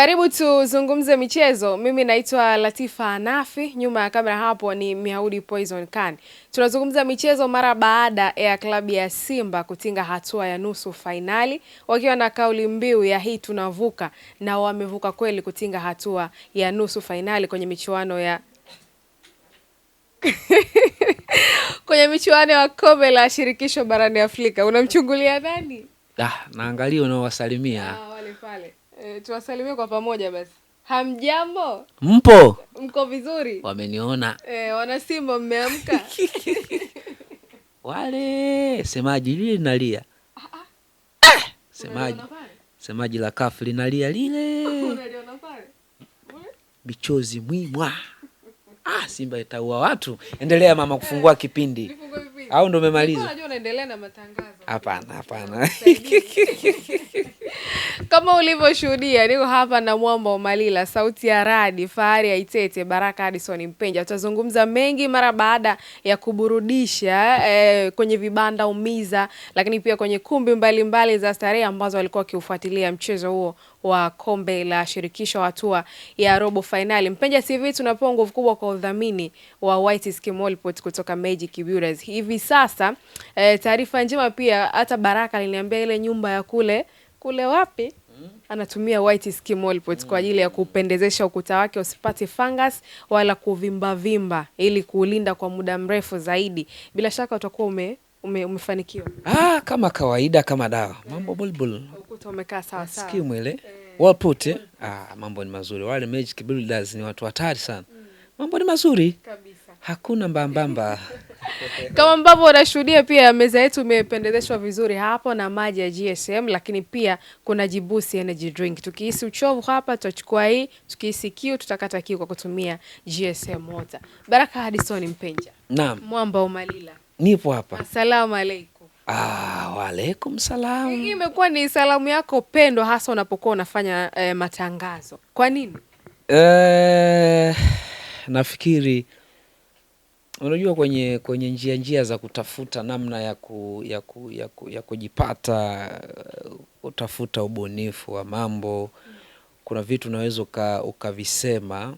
Karibu tuzungumze michezo. Mimi naitwa Latifa Nafi, nyuma ya kamera hapo ni Miaudi Poison Khan. Tunazungumza michezo mara baada ya klabu ya Simba kutinga hatua ya nusu fainali wakiwa na kauli mbiu ya hii tunavuka, na wamevuka kweli kutinga hatua ya nusu fainali kwenye michuano ya kwenye michuano ya kombe la shirikisho barani Afrika. Unamchungulia nani? Ah, naangalia unaowasalimia. Ah, wale pale. Eh, tuwasalimie kwa pamoja basi. Hamjambo? Mpo? Mko vizuri? Wameniona. E, eh, wanasimba mmeamka? Wale semaji lile linalia. Ah, ah. Eh, semaji. Semaji la kafu linalia lile. bichozi Michozi mwimwa. Ah, Simba itaua watu. Endelea mama kufungua kipindi au ndo umemaliza? Hapana, hapana. Kama ulivyoshuhudia niko hapa na Mwamba Malila, sauti ya radi, fahari ya Itete, Baraka Addison Mpenja. Tutazungumza mengi mara baada ya kuburudisha eh, kwenye vibanda umiza, lakini pia kwenye kumbi mbalimbali mbali za starehe ambazo walikuwa wakiufuatilia mchezo huo wa kombe la shirikisho hatua ya robo fainali. Mpenja TV tunapewa nguvu kubwa kwa udhamini wa White Skim Wallport kutoka Magic Builders. Hivi sasa eh, taarifa njema pia hata Baraka aliniambia ile nyumba ya kule kule wapi Anatumia white skimol paint kwa ajili ya kupendezesha ukuta wake usipate fungus wala kuvimba vimba, ili kuulinda kwa muda mrefu zaidi. Bila shaka utakuwa ume ume- umefanikiwa. Ah, kama kawaida, kama dawa, mambo bulbul, ukuta umekaa sawa sawa. skimu ile eh. Walput, eh? Ah, mambo ni mazuri. Wale magic builders ni watu hatari sana. Mm. Mambo ni mazuri kabisa, hakuna mbambamba. Kama ambavyo unashuhudia pia meza yetu imependezeshwa vizuri hapo na maji ya GSM, lakini pia kuna Jibusi energy drink. Tukihisi uchovu hapa tutachukua hii, tukihisi kiu tutakata kiu kwa kutumia GSM water. Baraka Hadison Mpenja. Naam. Mwamba Umalila. Nipo hapa. Asalamu alaykum. Ah, waalaikum salam. Hii imekuwa ni salamu yako pendwa hasa unapokuwa unafanya eh, matangazo. Kwa nini? Eh, nafikiri unajua kwenye, kwenye njia njia za kutafuta namna ya, ku, ya, ku, ya, ku, ya kujipata, kutafuta uh, ubunifu wa mambo, kuna vitu unaweza ukavisema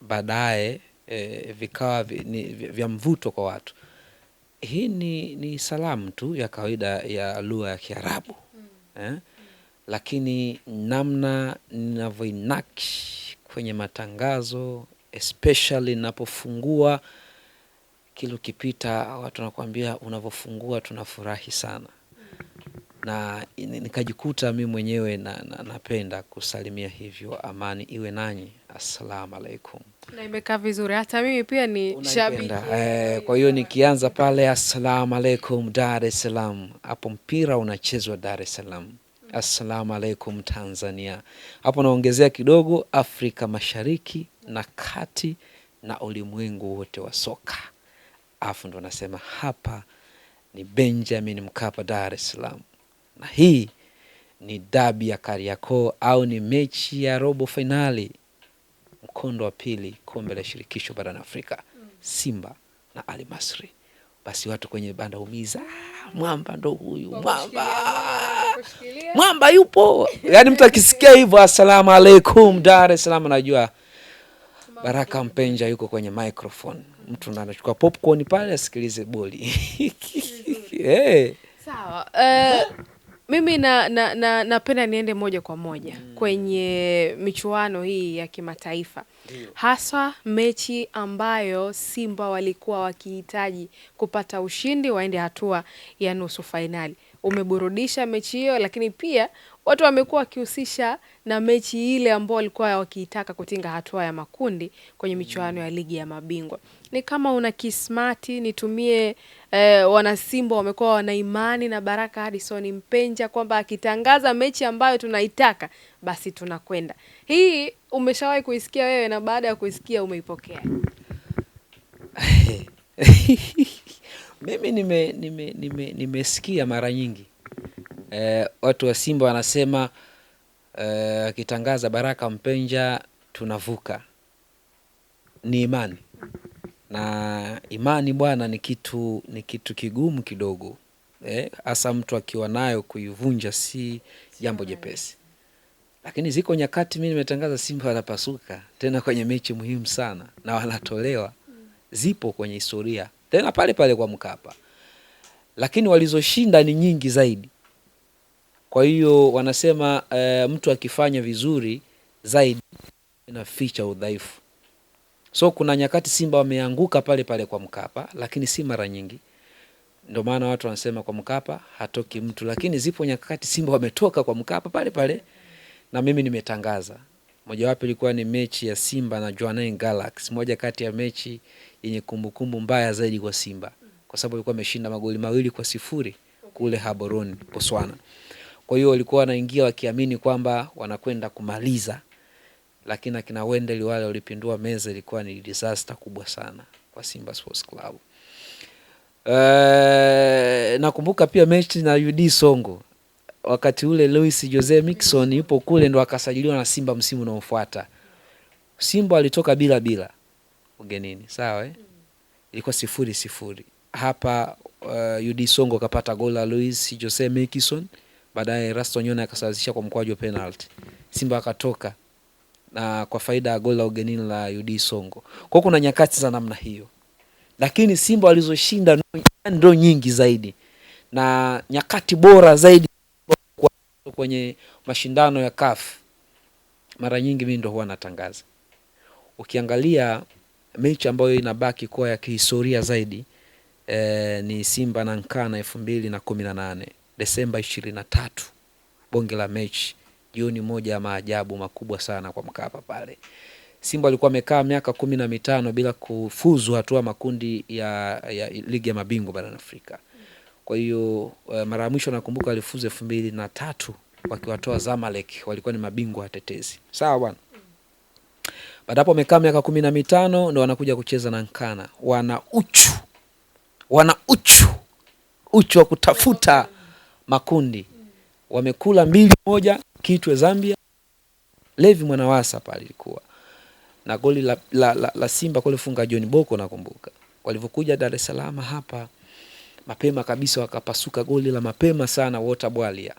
baadaye e, vikawa vya mvuto kwa watu. Hii ni, ni salamu tu ya kawaida ya lugha ya Kiarabu mm. eh? Lakini namna ninavyoinakshi kwenye matangazo especially ninapofungua kile ukipita watu wanakuambia unavyofungua tunafurahi sana na nikajikuta mi mwenyewe na, na, napenda kusalimia hivyo, amani iwe nanyi, assalamu alaikum. Na imekaa vizuri, hata mimi pia ni shabiki eh. Kwa hiyo nikianza pale assalamu alaikum Dar es Salaam, hapo mpira unachezwa Dar es Salaam. Assalamu alaikum Tanzania, hapo naongezea kidogo Afrika Mashariki na Kati na ulimwengu wote wa soka afu ndo anasema hapa ni Benjamin Mkapa, Dar es Salaam, na hii ni dabi ya Kariakoo au ni mechi ya robo fainali mkondo wa pili kombe la shirikisho barani Afrika, Simba na Al Basi watu kwenye banda umiza, ah, mwamba ndo huyu mwamba, mwamba yupo. Yaani mtu akisikia hivyo, assalamu alaikum Dar es Salaam, najua Baraka Mpenja yuko kwenye microphone mtu anachukua popcorn pale asikilize boli hey. Eh. Sawa. Uh, mimi napenda na, na, na niende moja kwa moja mm. kwenye michuano hii ya kimataifa haswa mechi ambayo Simba walikuwa wakihitaji kupata ushindi waende hatua ya nusu fainali. Umeburudisha mechi hiyo, lakini pia watu wamekuwa wakihusisha na mechi ile ambao walikuwa wakiitaka kutinga hatua ya makundi kwenye michuano mm. ya ligi ya mabingwa ni kama una kismati nitumie eh, wanasimba wamekuwa wana imani na Baraka Hadison Mpenja kwamba akitangaza mechi ambayo tunaitaka basi tunakwenda. Hii umeshawahi kuisikia wewe na baada ya kuisikia umeipokea? Mimi nimesikia nime, nime, nime mara nyingi eh, watu wa Simba wanasema eh, akitangaza eh, Baraka Mpenja tunavuka. Ni imani na imani bwana ni kitu, ni kitu kigumu kidogo eh, hasa eh, mtu akiwa nayo kuivunja si jambo jepesi, lakini ziko nyakati mi nimetangaza Simba wanapasuka tena kwenye mechi muhimu sana na wanatolewa, mm. zipo kwenye historia tena pale pale kwa Mkapa, lakini walizoshinda ni nyingi zaidi. Kwa hiyo wanasema eh, mtu akifanya vizuri zaidi inaficha udhaifu. So kuna nyakati Simba wameanguka pale pale kwa Mkapa, lakini si mara nyingi. Ndio maana watu wanasema kwa Mkapa hatoki mtu, lakini zipo nyakati Simba wametoka kwa Mkapa pale pale, na mimi nimetangaza mojawapo ilikuwa ni mechi ya Simba na Jwaneng Galaxy, moja kati ya mechi yenye kumbukumbu mbaya zaidi kwa Simba kwa sababu ilikuwa ameshinda magoli mawili kwa sifuri kule Haboroni, Botswana. Kwa hiyo walikuwa wanaingia wakiamini kwamba wanakwenda kumaliza lakini akina Wendell wale walipindua meza, ilikuwa ni disaster kubwa sana kwa Simba Sports Club. E, nakumbuka pia mechi na UD Songo wakati ule Luis Jose Mixon yupo kule, ndo akasajiliwa na Simba msimu unaofuata. Simba alitoka bila bila ugenini, sawa eh? Ilikuwa sifuri sifuri hapa. Uh, eh, UD Songo kapata goli la Luis Jose Mixon, baadaye Raston Yona akasawazisha kwa mkwaju wa penalty, Simba akatoka na kwa faida ya goli la ugenini la UD Songo. Kwa kuna nyakati za namna hiyo, lakini Simba walizoshinda ndo nyingi zaidi na nyakati bora zaidi kwenye mashindano ya CAF mara nyingi mimi ndo huwa natangaza. Ukiangalia mechi ambayo inabaki kuwa ya kihistoria zaidi eh, ni Simba na Nkana elfu mbili na kumi na nane Desemba ishirini na tatu, bonge la mechi Jioni moja ya maajabu makubwa sana kwa Mkapa pale. Simba alikuwa amekaa miaka kumi na mitano bila kufuzu hatua makundi ya, ya ligi ya mabingwa barani Afrika. Kwa hiyo eh, mara ya mwisho nakumbuka walifuzu elfu mbili na tatu wakiwatoa Zamalek, walikuwa ni mabingwa watetezi. Sawa bwana. Baada hapo amekaa miaka kumi na mitano ndo wanakuja kucheza na Nkana. Wana uchu, wana uchu, uchu wa kutafuta makundi. Wamekula mbili moja Kitwe Zambia, Levi Mwanawasa pale ilikuwa na goli la, la, la, la Simba kule funga John Boko, nakumbuka walivyokuja Dar es Salaam hapa mapema kabisa, wakapasuka goli la mapema sana wota bwalia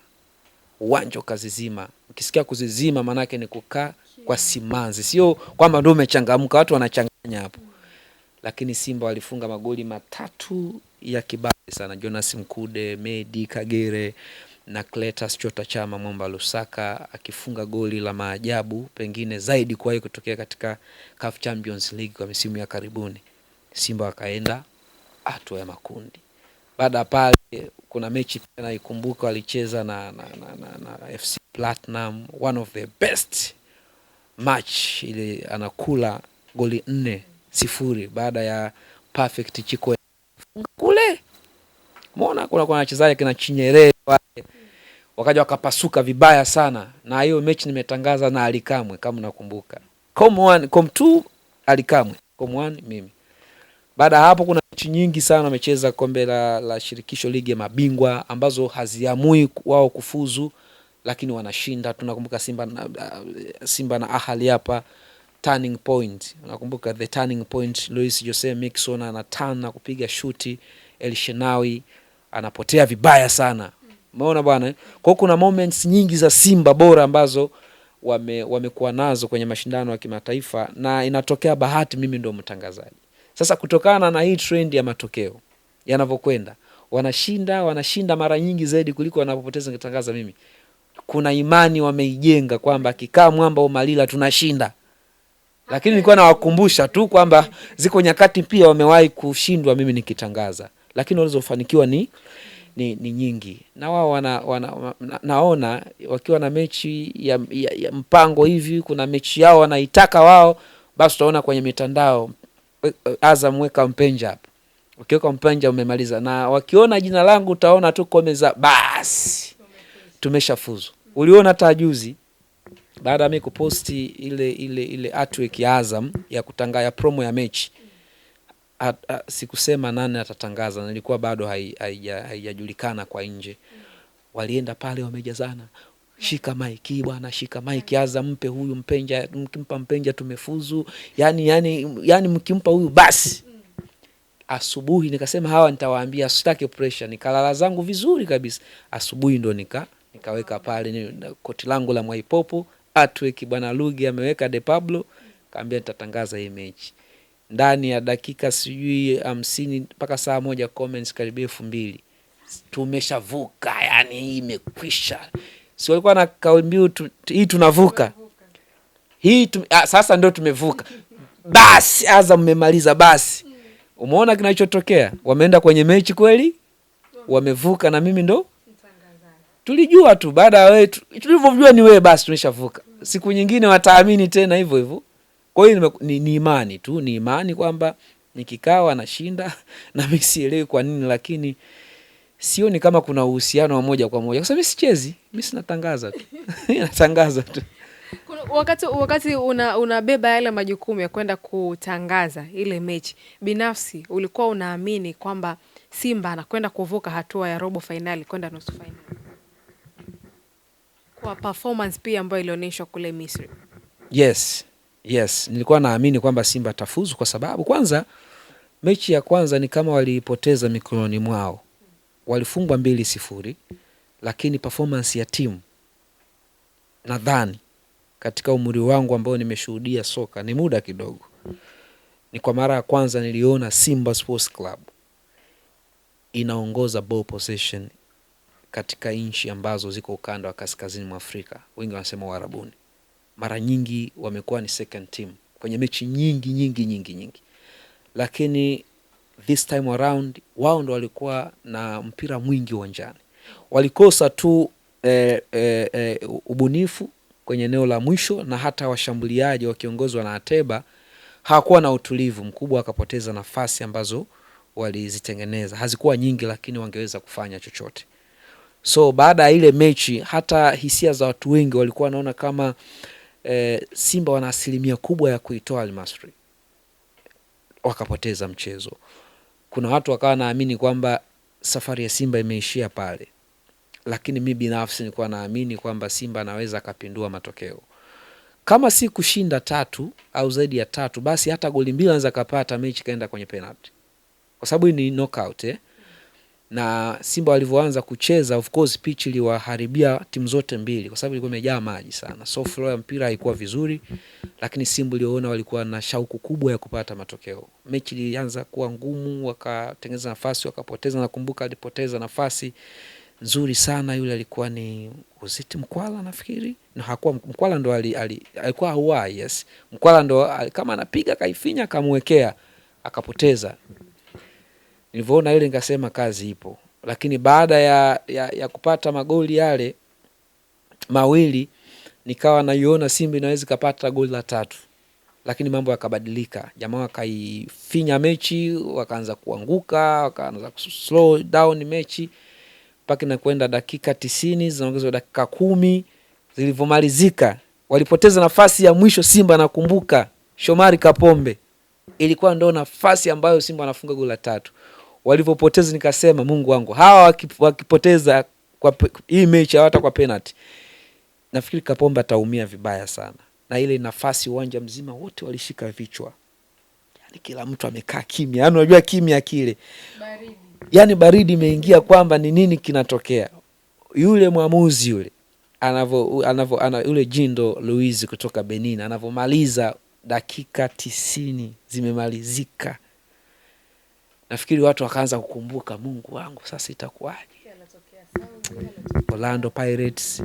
uwanja ukazizima. Ukisikia kuzizima, maanake ni kukaa kwa simanzi, sio kwamba ndio umechangamka. Watu wanachanganya hapo, lakini Simba walifunga magoli matatu ya kibali sana, Jonas Mkude, Medi Kagere na Cletus Chota Chama Mwamba Lusaka akifunga goli la maajabu pengine zaidi kuwahi kutokea katika CAF Champions League kwa misimu ya karibuni. Simba wakaenda hatua ya makundi. Baada ya pale kuna mechi pia naikumbuka walicheza na, na, na, na, na FC Platinum, one of the best match ile, anakula goli nne sifuri baada ya perfect Chiko kule Umeona kuna kuna wachezaji kina Chinyerere wale wakaja wakapasuka vibaya sana, na hiyo mechi nimetangaza na Alikamwe kama nakumbuka, com one com two Alikamwe, com one mimi. Baada ya hapo kuna mechi nyingi sana wamecheza kombe la, la shirikisho ligi ya mabingwa ambazo haziamui wao kufuzu, lakini wanashinda. Tunakumbuka Simba na, uh, Simba na Ahali hapa turning point, unakumbuka the turning point, Luis Jose Mixon ana tana kupiga shuti Elshenawi anapotea vibaya sana. Umeona bwana, eh? kwa kuna moments nyingi za Simba bora ambazo wame, wamekuwa nazo kwenye mashindano ya kimataifa na inatokea bahati, mimi ndo mtangazaji. Sasa kutokana na hii trend ya matokeo yanavyokwenda, wanashinda wanashinda mara nyingi zaidi kuliko wanapopoteza. Nikitangaza mimi, kuna imani wameijenga kwamba akikaa mwamba Umalila tunashinda, lakini nilikuwa nawakumbusha tu kwamba ziko nyakati pia wamewahi kushindwa mimi nikitangaza lakini walizofanikiwa ni, ni, ni nyingi na wao wana, wana, naona wakiwa na mechi ya, ya, ya mpango hivi, kuna mechi yao wanaitaka wao, basi utaona kwenye mitandao eh, Azam weka mpenja hapo, ukiweka mpenja umemaliza. Na wakiona jina langu utaona tu komeza, basi tumeshafuzu. Uliona hata juzi baada ya mi kuposti ile ile ile artwork ya Azam ya kutangaza promo ya mechi sikusema nani atatangaza, nilikuwa bado haijajulikana kwa nje. Walienda pale wamejazana, shika maiki bwana, shika maiki, Aza mpe huyu Mpenja, mkimpa Mpenja tumefuzu, yani, yani, yani mkimpa huyu basi. Asubuhi nikasema hawa nitawaambia, sitaki pressure, nikalala zangu vizuri kabisa. Asubuhi ndo nika nikaweka pale koti langu la Mwaipopo, atweki bwana Lugi ameweka De Pablo, kaambia nitatangaza hii mechi ndani ya dakika sijui hamsini mpaka saa moja comments karibia elfu mbili tumeshavuka yani hii imekwisha si walikuwa na kauli mbiu tu, hii tunavuka hii tu, a, ah, sasa ndio tumevuka basi aza mmemaliza basi umeona kinachotokea wameenda kwenye mechi kweli wamevuka na mimi ndo tulijua tu baada ya wewe tulivyojua ni wewe basi tumeshavuka siku nyingine wataamini tena hivyo hivyo kwa hiyo ni, ni imani tu, ni imani kwamba nikikawa anashinda na mimi sielewi kwa nini, lakini sioni kama kuna uhusiano wa moja kwa moja kwa sababu mimi sichezi, mimi sinatangaza tu natangaza tu wakati, wakati unabeba una yale majukumu ya kwenda kutangaza ile mechi, binafsi ulikuwa unaamini kwamba Simba anakwenda kuvuka hatua ya robo fainali kwenda nusu fainali kwa performance pia ambayo ilionyeshwa kule Misri? Yes, Yes, nilikuwa naamini kwamba Simba tafuzu kwa sababu kwanza mechi ya kwanza ni kama walipoteza mikononi mwao, walifungwa mbili sifuri, lakini performance ya timu nadhani katika umri wangu ambao nimeshuhudia soka ni muda kidogo, ni kwa mara ya kwanza niliona Simba Sports Club inaongoza ball possession katika nchi ambazo ziko ukanda wa kaskazini mwa Afrika, wengi wanasema Uarabuni mara nyingi wamekuwa ni second team kwenye mechi nyingi nyingi nyingi nyingi, lakini this time around wao ndo walikuwa na mpira mwingi uwanjani, walikosa tu eh, eh, eh, ubunifu kwenye eneo la mwisho, na hata washambuliaji wakiongozwa na Ateba hawakuwa na utulivu mkubwa, wakapoteza nafasi ambazo walizitengeneza. Hazikuwa nyingi, lakini wangeweza kufanya chochote. So baada ya ile mechi, hata hisia za watu wengi walikuwa wanaona kama e, Simba wana asilimia kubwa ya kuitoa Almasri, wakapoteza mchezo. Kuna watu wakawa naamini kwamba safari ya Simba imeishia pale, lakini mi binafsi nilikuwa naamini kwamba Simba anaweza akapindua matokeo kama si kushinda tatu au zaidi ya tatu, basi hata goli mbili anaweza kapata, mechi kaenda kwenye penalti, kwa sababu hii ni knockout eh? na Simba walivyoanza kucheza, of course pitch iliwaharibia timu zote mbili, kwa sababu ilikuwa imejaa maji sana, so flow ya mpira haikuwa vizuri, lakini Simba iliyoona walikuwa na shauku kubwa ya kupata matokeo. Mechi ilianza kuwa ngumu, wakatengeneza nafasi, wakapoteza. Nakumbuka alipoteza nafasi nzuri sana, yule alikuwa ni Uziti Mkwala nafikiri, na hakuwa Mkwala ndo ali, ali, alikuwa hauai, yes Mkwala ndo kama anapiga kaifinya, akamwekea akapoteza nilivyoona ile nikasema kazi ipo, lakini baada ya, ya, ya kupata magoli yale mawili nikawa naiona Simba inaweza ikapata goli la tatu, lakini mambo yakabadilika. Jamaa wakaifinya mechi, wakaanza kuanguka, wakaanza slow down mechi mpaka kwenda dakika tisini zinaongezwa dakika kumi zilivyomalizika walipoteza nafasi ya mwisho Simba, nakumbuka Shomari Kapombe, ilikuwa ndo nafasi ambayo Simba anafunga goli la tatu walivyopoteza, nikasema Mungu wangu, hawa wakipoteza kwa hii mechi hawata kwa penalty, nafikiri Kapombe ataumia vibaya sana, na ile nafasi uwanja mzima wote walishika vichwa, yani kila mtu amekaa kimya, yani unajua kimya kile baridi. Yani baridi imeingia kwamba ni nini kinatokea. Yule mwamuzi yule anavyo anavyo ana, yule Jindo Luiz kutoka Benin anavyomaliza dakika tisini zimemalizika nafikiri watu wakaanza kukumbuka, Mungu wangu sasa itakuwaje? Orlando Pirates,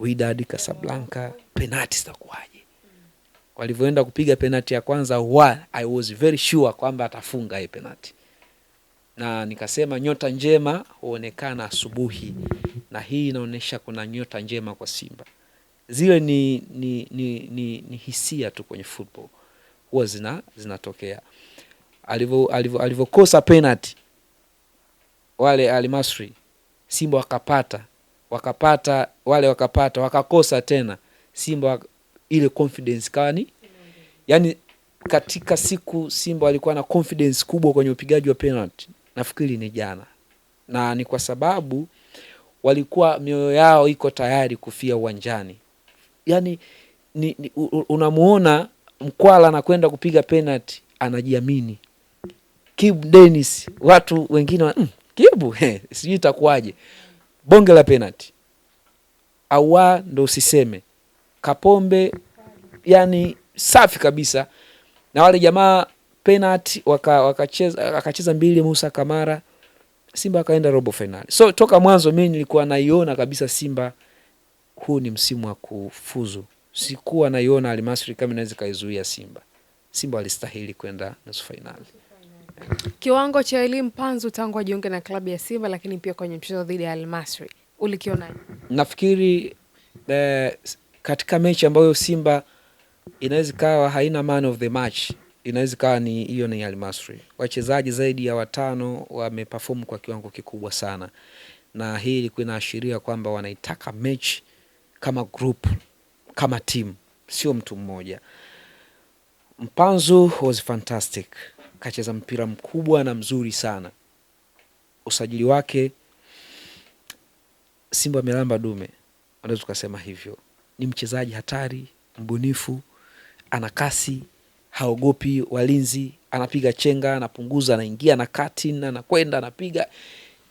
Wydad Casablanca, penati zitakuwaje? Walivyoenda kupiga penati ya kwanza wa, I was very sure kwamba atafunga hii penati, na nikasema nyota njema huonekana asubuhi, na hii inaonyesha kuna nyota njema kwa Simba. Zile ni, ni, ni, ni, ni hisia tu kwenye football huwa zina, zinatokea alivyokosa penati wale Almasri, Simba wakapata wakapata wale wakapata wakakosa tena, Simba ile confidence kani, yani katika siku Simba walikuwa na confidence kubwa kwenye upigaji wa penalty, nafikiri ni jana, na ni kwa sababu walikuwa mioyo yao iko tayari kufia uwanjani. Yani ni, ni, unamuona Mkwala anakwenda kupiga penalty, anajiamini Kibu Dennis, watu wengine wa, mm, Kibu sijui itakuwaje. Bonge la penalty awa ndo usiseme Kapombe, yani safi kabisa na wale jamaa penalty wakacheza waka akacheza mbili Musa Kamara, Simba akaenda robo finali. So toka mwanzo mimi nilikuwa naiona kabisa Simba huu ni msimu wa kufuzu, sikuwa naiona Almasri kama inaweza kaizuia Simba. Simba walistahili kwenda nusu finali. Kiwango cha elimu panzu tangu ajiunge na klabu ya Simba, lakini pia kwenye mchezo dhidi ya Almasri ulikiona? Nafikiri eh, katika mechi ambayo Simba inaweza ikawa haina man of the match inaweza ikawa ni hiyo ni Almasri. Wachezaji zaidi ya watano wameperform kwa kiwango kikubwa sana, na hii ilikuwa inaashiria kwamba wanaitaka mechi kama group, kama timu, sio mtu mmoja. Mpanzu was fantastic kacheza mpira mkubwa na mzuri sana. Usajili wake Simba amelamba dume, unaweza ukasema hivyo. Ni mchezaji hatari, mbunifu, ana kasi, haogopi walinzi, anapiga chenga, anapunguza, anaingia na kati, anakwenda, anapiga.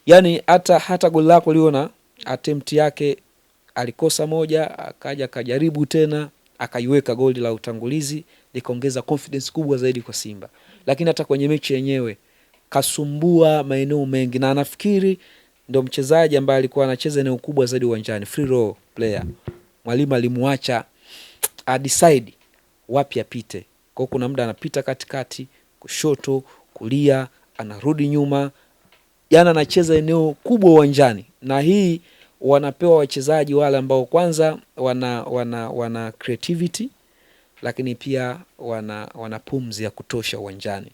Yani hata hata goli lako liona attempt yake alikosa moja, akaja akajaribu tena, akaiweka goli la utangulizi, likaongeza confidence kubwa zaidi kwa Simba lakini hata kwenye mechi yenyewe kasumbua maeneo mengi, na anafikiri ndo mchezaji ambaye alikuwa anacheza eneo kubwa zaidi uwanjani, free roll player. Mwalimu alimwacha adecide wapi apite, kwa kuna muda anapita katikati, kushoto, kulia, anarudi nyuma. yani anacheza eneo kubwa uwanjani, na hii wanapewa wachezaji wale ambao kwanza wana, wana, wana creativity lakini pia wana, wana pumzi ya kutosha uwanjani.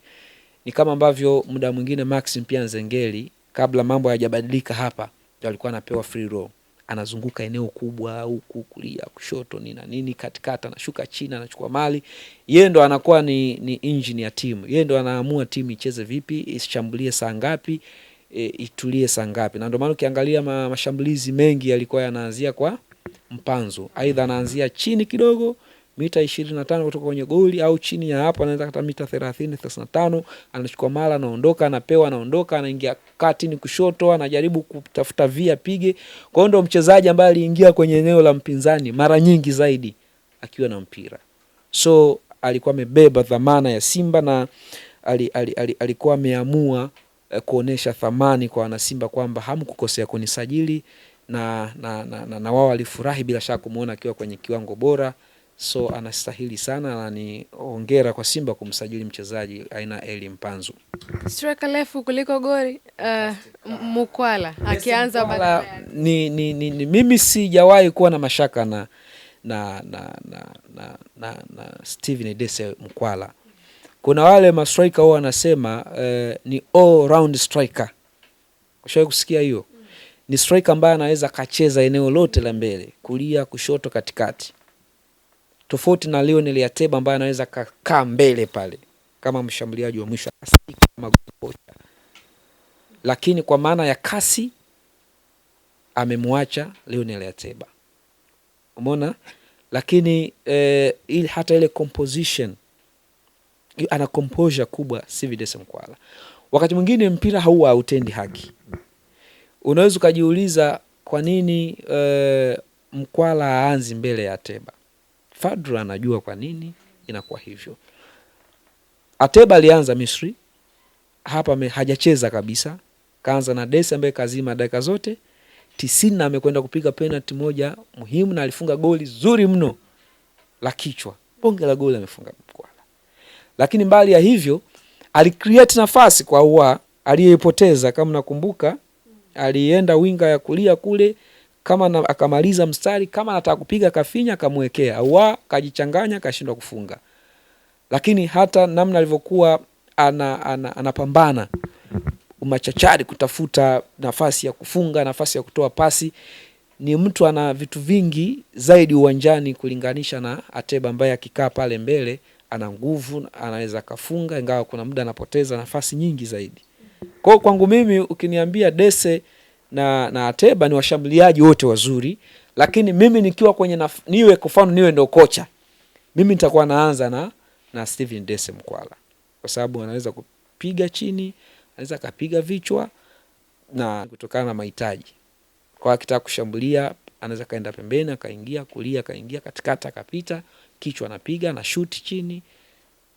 Ni kama ambavyo muda mwingine Maxim pia Nzengeli kabla mambo hayajabadilika hapa alikuwa anapewa free roll, anazunguka eneo kubwa huku kulia kushoto na nini katikati, anashuka chini, anachukua mali. Yeye ndo anakuwa ni, ni injini ya timu. Yeye ndo anaamua timu icheze vipi, ishambulie saa ngapi, e, itulie saa ngapi. Na ndio maana ukiangalia ma, mashambulizi mengi yalikuwa yanaanzia kwa mpanzo, aidha anaanzia chini kidogo mita ishirini na tano kutoka kwenye goli au chini ya hapo, anaweza kata mita thelathini thelathini na tano anachukua mara, anaondoka, anapewa, anaondoka, anaingia kati ni kushoto, anajaribu kutafuta via pige. Kwa hiyo ndo mchezaji ambaye aliingia kwenye eneo la mpinzani mara nyingi zaidi akiwa na mpira, so alikuwa amebeba dhamana ya Simba na ali, ali, ali, alikuwa ameamua eh, kuonesha thamani kwa wanasimba kwamba hamkukosea kunisajili na, na, na, na, na wao walifurahi bila shaka kumwona akiwa kwenye kiwango bora so anastahili sana na ni ongera kwa Simba kumsajili mchezaji aina Eli Mpanzu. Striker refu kuliko gori uh, Mukwala akianza Mukwala, ni, ni, ni, ni, mimi sijawahi kuwa na mashaka na, na, na, na, na, na, na Steven Dese Mkwala. Kuna wale ma striker huwa wanasema eh, ni all round striker. Ushawahi kusikia hiyo? Mm. Ni striker ambaye anaweza kacheza eneo lote la mbele, kulia, kushoto, katikati tofauti na Leon Liateba ambaye anaweza kakaa mbele pale kama mshambuliaji wa mwisho kama kocha, lakini kwa maana ya kasi amemwacha Leon Liateba, umeona. Lakini eh, ili hata ile composition ana composure kubwa Civides Mkwala. Wakati mwingine mpira hauwa hautendi haki, unaweza ukajiuliza kwa nini eh, Mkwala aanzi mbele ya Teba Fadru anajua kwa nini inakuwa hivyo. Ateba alianza Misri hapa hajacheza kabisa, kaanza na Desi ambaye kazima dakika zote tisini na amekwenda kupiga penalti moja muhimu, na alifunga goli zuri mno la kichwa, bonge la goli amefunga mkwala. Lakini mbali ya hivyo, alicreate nafasi kwa Ahoua aliyepoteza, kama nakumbuka, alienda winga ya kulia kule kama na, akamaliza mstari kama anataka kupiga kafinya akamwekea, wa kajichanganya kashindwa kufunga. Lakini hata namna alivyokuwa anapambana ana, ana umachachari kutafuta nafasi ya kufunga, nafasi ya kutoa pasi, ni mtu ana vitu vingi zaidi uwanjani kulinganisha na Ateba ambaye akikaa pale mbele ana nguvu, anaweza akafunga, ingawa kuna muda anapoteza nafasi nyingi zaidi. kwao kwangu mimi ukiniambia Dese na, na Ateba ni washambuliaji wote wazuri, lakini mimi nikiwa kwenye naf, niwe kwa mfano niwe ndo kocha mimi nitakuwa naanza na, na Steven Dese Mkwala kwa sababu anaweza kupiga chini, anaweza kapiga vichwa na kutokana na mahitaji kwa akitaka kushambulia anaweza kaenda pembeni akaingia kulia akaingia katikati akapita kichwa anapiga na shuti chini.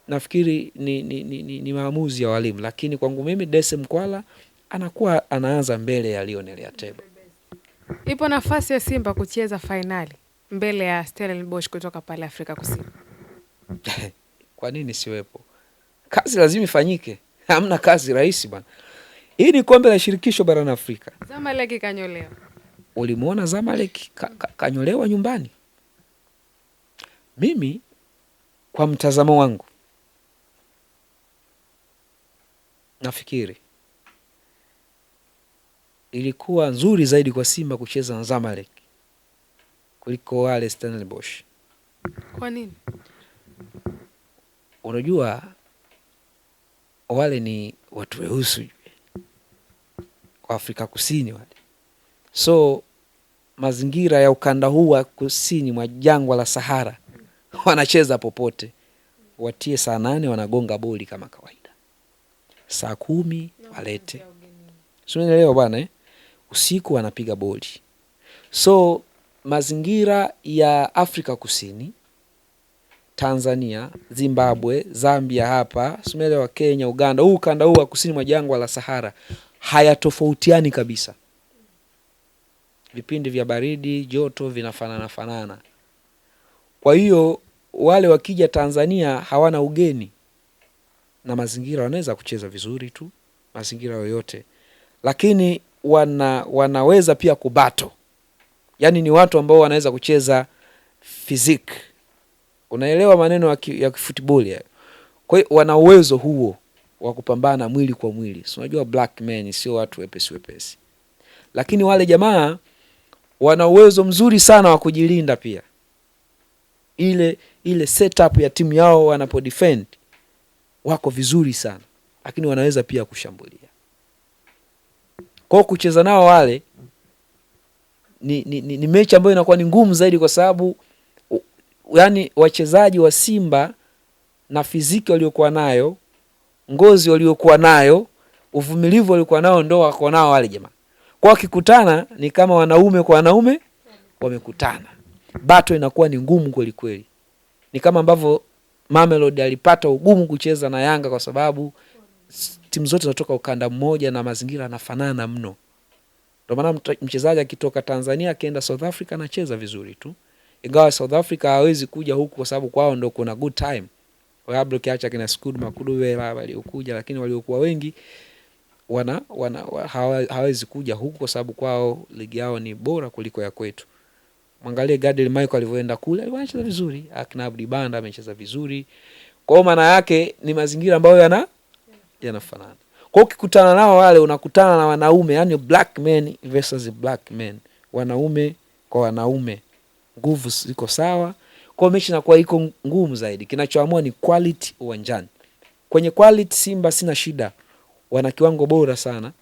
Nafikiri ni, ni, ni, ni, ni maamuzi ya walimu, lakini kwangu mimi Dese Mkwala anakuwa anaanza mbele ya Lionel Ateba. Ipo nafasi ya Simba kucheza fainali mbele ya Stellenbosch kutoka pale Afrika Kusini. Kwa nini siwepo? Kazi lazima ifanyike, hamna kazi rahisi bwana. Hii ni kombe la shirikisho barani Afrika. Zamalek kanyolewa, ulimwona Zamalek ka, ka, kanyolewa nyumbani. Mimi kwa mtazamo wangu nafikiri ilikuwa nzuri zaidi kwa Simba kucheza na Zamalek kuliko wale Stellenbosch. Kwa nini? Unajua wale ni watu weusi kwa Afrika Kusini wale, so mazingira ya ukanda huu wa kusini mwa jangwa la Sahara wanacheza popote, watie saa nane wanagonga boli kama kawaida, saa kumi walete, si unaelewa bwana eh? usiku anapiga boli. So mazingira ya Afrika Kusini, Tanzania, Zimbabwe, Zambia hapa wa Kenya, Uganda, huu ukanda huu wa kusini mwa jangwa la Sahara hayatofautiani kabisa. Vipindi vya baridi, joto vinafanana fanana. Kwa hiyo wale wakija Tanzania hawana ugeni na mazingira, wanaweza kucheza vizuri tu mazingira yoyote, lakini wana, wanaweza pia kubato, yaani ni watu ambao wanaweza kucheza fizik unaelewa maneno ya kifutboli ya. Kwa hiyo wana uwezo huo wa kupambana mwili kwa mwili, si unajua black men sio watu wepesi wepesi, lakini wale jamaa wana uwezo mzuri sana wa kujilinda pia. Ile ile setup ya timu yao wanapodefend wako vizuri sana, lakini wanaweza pia kushambulia kwao kucheza nao wale ni, ni, ni, ni mechi ambayo inakuwa ni ngumu zaidi kwa sababu yani wachezaji wa Simba na fiziki waliokuwa nayo, ngozi waliokuwa nayo, uvumilivu waliokuwa nao ndo wako nao wale jamaa. Kwa wakikutana ni kama wanaume kwa wanaume wamekutana, bato inakuwa ni ngumu kweli kweli. Ni kama ambavyo Mamelodi alipata ugumu kucheza na Yanga kwa sababu timu zote zinatoka ukanda mmoja na mazingira yanafanana mno. Ndio maana mchezaji akitoka Tanzania akienda South Africa anacheza vizuri tu, ingawa South Africa hawezi kuja huku kwa sababu kwao ndo kuna good time, labda ukiacha kina Skud Kudube waliokuja, lakini waliokuwa wengi wana, wana, hawa, hawezi kuja huku kwa sababu kwao ligi yao ni bora kuliko ya kwetu. Mwangalie Gadiel Michael alivyoenda kule, alikuwa anacheza vizuri. Akina Abdi Banda amecheza vizuri. Kwa maana yake ni mazingira ambayo yana yanafanana. Kwa hiyo ukikutana nao wale, unakutana na wanaume, yani black men versus black men, wanaume kwa wanaume, nguvu ziko sawa. Kwa mechi inakuwa iko ngumu zaidi. Kinachoamua ni quality uwanjani. Kwenye quality Simba sina shida, wana kiwango bora sana,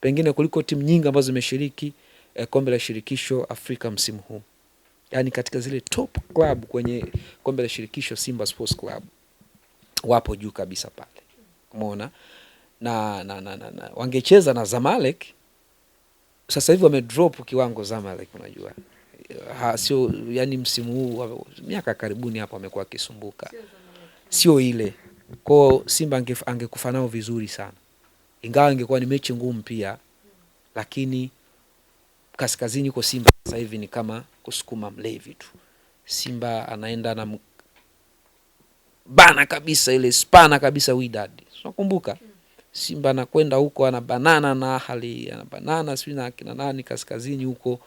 pengine kuliko timu nyingi ambazo zimeshiriki eh, kombe la shirikisho Afrika msimu huu, yani katika zile top club kwenye kombe la shirikisho Simba Sports Club wapo juu kabisa pale kumwona na, na, na, na, na wangecheza na Zamalek. Sasa hivi wamedrop kiwango Zamalek, unajua ha, sio yani, msimu huu miaka karibuni hapo amekuwa akisumbuka, sio ile kwao. Simba angekufa nao vizuri sana, ingawa ingekuwa ni mechi ngumu pia, lakini kaskazini kwa Simba sasa hivi ni kama kusukuma mlevi tu. Simba anaenda na bana kabisa ile spana kabisa Widad. Tunakumbuka Simba anakwenda huko banana na ana banana si na akina nani kaskazini huko,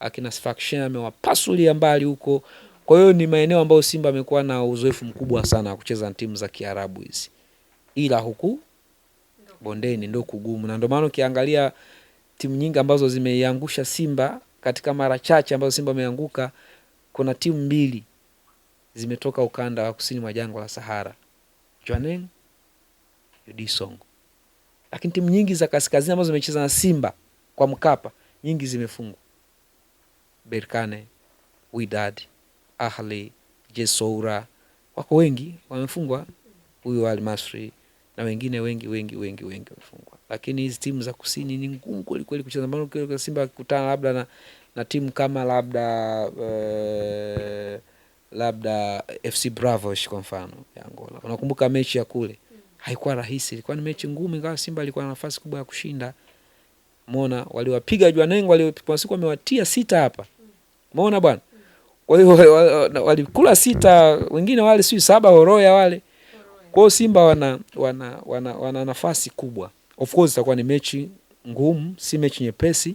akina Sfaxien amewapasulia mbali huko. Kwa hiyo ni maeneo ambayo Simba amekuwa na uzoefu mkubwa sana wa kucheza na timu za Kiarabu hizi, ila huku bondeni ndo kugumu, na ndio maana ukiangalia timu nyingi ambazo zimeiangusha Simba katika mara chache ambazo Simba ameanguka, kuna timu mbili zimetoka ukanda wa kusini mwa jangwa la Sahara, Jwaneng, Songo. Lakini timu nyingi za kaskazini ambazo zimecheza na Simba kwa Mkapa, nyingi zimefungwa: Berkane, Widad, Ahli, Jesoura, wako wengi wamefungwa, huyu Almasri na wengine wengi wengi wengi wengi wamefungwa. Lakini hizi timu za kusini ni ngumu kweli kweli kucheza, maana Simba akikutana labda na, na timu kama labda uh, labda FC Bravos kwa mfano ya Angola. Unakumbuka mechi ya kule haikuwa rahisi, ilikuwa ni mechi ngumu, ingawa Simba alikuwa na nafasi kubwa ya kushinda. mona waliwapiga jua walipigwa siku wamewatia sita hapa, mona bwana. Kwa hiyo walikula sita, wengine wale si saba, horoya wale. kwao Simba wana, wana, wana, wana nafasi kubwa. Of course itakuwa ni mechi ngumu, si mechi nyepesi,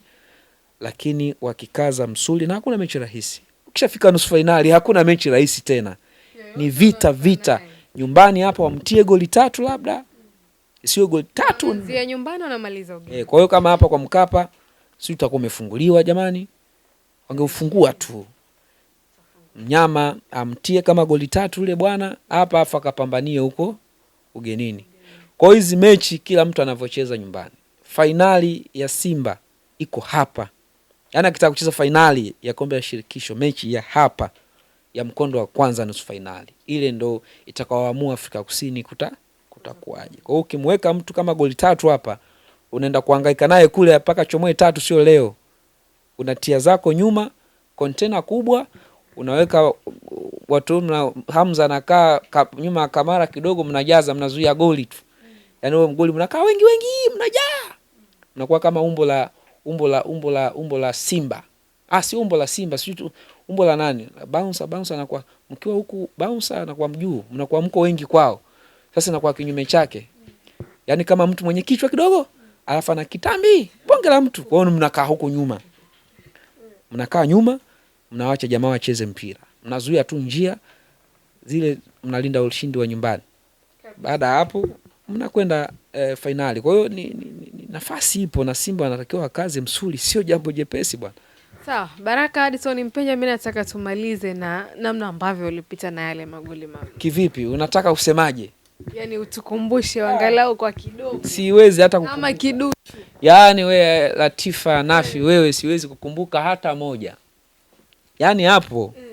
lakini wakikaza msuli na hakuna mechi rahisi ukishafika nusu fainali hakuna mechi rahisi tena, ni vita vita nyumbani hapa, wamtie goli tatu labda sio goli tatu nyumbani wanamaliza ugeni. E, eh, kwa hiyo kama hapa kwa Mkapa si utakuwa umefunguliwa jamani, wangeufungua tu mnyama amtie kama goli tatu yule bwana hapa, afa akapambanie huko ugenini. Kwa hizi mechi kila mtu anavyocheza nyumbani, fainali ya Simba iko hapa yani akitaka kucheza fainali ya kombe la shirikisho mechi ya hapa ya mkondo wa kwanza nusu fainali, ile ndo itakaoamua Afrika Kusini kuta kutakuaje Kwa hiyo ukimweka mtu kama goli tatu hapa, unaenda kuhangaika naye kule mpaka chomoe tatu, sio leo. Unatia zako nyuma kontena kubwa, unaweka watu mna, Hamza nakaa ka, nyuma ya Kamara kidogo, mnajaza mnazuia goli tu, yani huo mgoli mnakaa wengi wengi, mnajaa mnakuwa kama umbo la umbo la umbo la umbo la simba ah, si umbo la simba, sio umbo la nani, bouncer. Bouncer anakuwa mkiwa huku, bouncer anakuwa mjuu, mnakuwa mko wengi kwao, sasa anakuwa kinyume chake, yani kama mtu mwenye kichwa kidogo, alafu ana kitambi bonge la mtu. Kwa mnakaa huko nyuma, mnakaa nyuma, mnawacha jamaa wacheze mpira, mnazuia tu njia zile, mnalinda ushindi wa nyumbani. Baada ya hapo mnakwenda eh, fainali. Kwa hiyo ni, ni, ni, ni nafasi ipo na Simba anatakiwa kazi msuri, sio jambo jepesi bwana. Sawa, Baraka Adison Mpenja, mimi nataka tumalize na namna ambavyo ulipita na yale magoli mawili. Kivipi? Unataka usemaje? Yani utukumbushe angalau kwa kidogo. Siwezi hata Kama kidogo. Yani we Latifa Nafi mm. Wewe siwezi kukumbuka hata moja. yani hapo mm.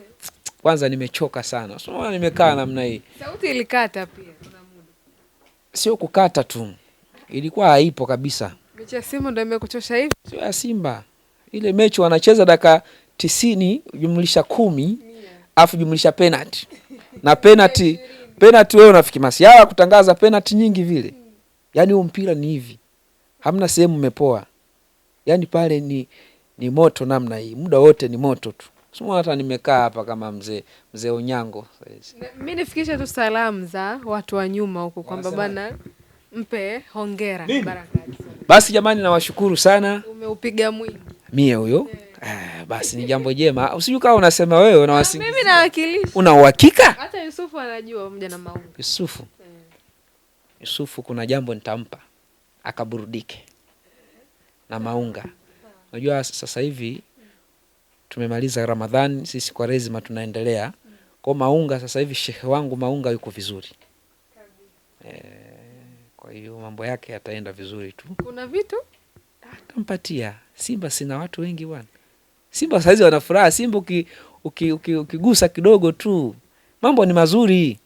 Kwanza nimechoka sana. Unaona nimekaa namna hii. Sauti ilikata pia sio kukata tu, ilikuwa haipo kabisa. Mechi ya Simba ndio imekuchosha hivi? Sio ya Simba, ile mechi wanacheza dakika tisini jumlisha kumi afu jumlisha penalty na penalty penalty, wewe unafikiri masiara kutangaza penalty nyingi vile? yani huo mpira ni hivi, hamna sehemu mmepoa. Yaani pale ni, ni moto namna hii, muda wote ni moto tu hata nimekaa hapa kama mzee mzee Onyango. mi nifikishe tu salamu za watu wa nyuma huku kwamba bana mpe hongera baraka. Basi jamani, nawashukuru sana. Umeupiga mwingi. Mie huyo. Eh, eh basi ni jambo jema. Usijui kawa unasema wewe Una ah, uhakika? Yusufu Yusufu. Eh. Yusufu kuna jambo nitampa akaburudike na maunga. Unajua sasa hivi tumemaliza Ramadhani, sisi kwa rezima tunaendelea kwa Maunga. Sasa hivi shehe wangu Maunga yuko vizuri e, kwa hiyo mambo yake yataenda vizuri tu. Kuna vitu atampatia ah, Simba, sina watu wengi bwana. Simba saizi wana furaha. Simba ukigusa uki, uki, uki kidogo tu mambo ni mazuri,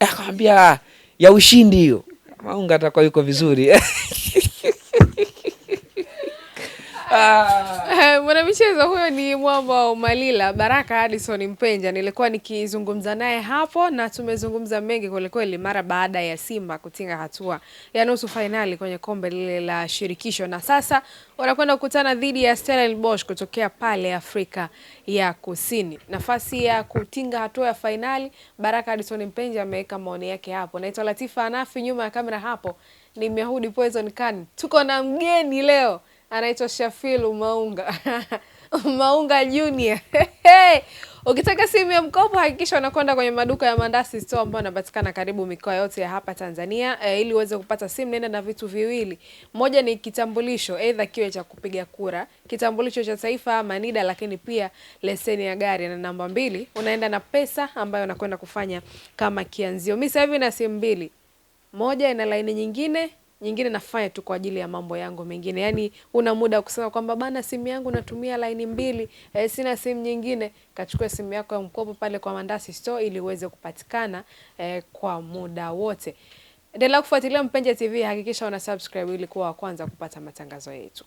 eh, akamwambia ah, ya ushindi hiyo. Maunga atakuwa yuko vizuri Eh, mwanamichezo huyo ni Mwamba wa umalila Baraka Addison Mpenja. Nilikuwa nikizungumza naye hapo na tumezungumza mengi kwelikweli, mara baada ya Simba kutinga hatua ya nusu fainali kwenye kombe lile la shirikisho, na sasa wanakwenda kukutana dhidi ya Stellenbosch kutokea pale Afrika ya Kusini. Nafasi ya kutinga hatua ya fainali, Baraka Addison Mpenja ameweka maoni yake hapo. Naitwa Latifa Anafi, nyuma ya kamera hapo ni Myahudi Poison Kan. Tuko na mgeni leo anaitwa Shafil Umaunga Umaunga Junior Ukitaka simu ya mkopo hakikisha unakwenda kwenye maduka ya Mandasi Store ambayo yanapatikana karibu mikoa yote ya hapa Tanzania. E, ili uweze kupata simu nenda na vitu viwili. Moja ni kitambulisho, aidha kiwe cha kupiga kura, kitambulisho cha taifa ama NIDA, lakini pia leseni ya gari. Na namba mbili, unaenda na pesa ambayo unakwenda kufanya kama kianzio. Mimi sasa hivi na simu mbili, moja ina laini nyingine nyingine nafanya tu kwa ajili ya mambo yangu mengine. yani una muda wa kusema kwamba bana, simu yangu natumia laini mbili, e, sina simu nyingine. Kachukua simu yako ya mkopo pale kwa Mandasi Store ili uweze kupatikana e, kwa muda wote. Endelea kufuatilia Mpenja TV, hakikisha una subscribe ili kuwa wa kwanza kupata matangazo yetu.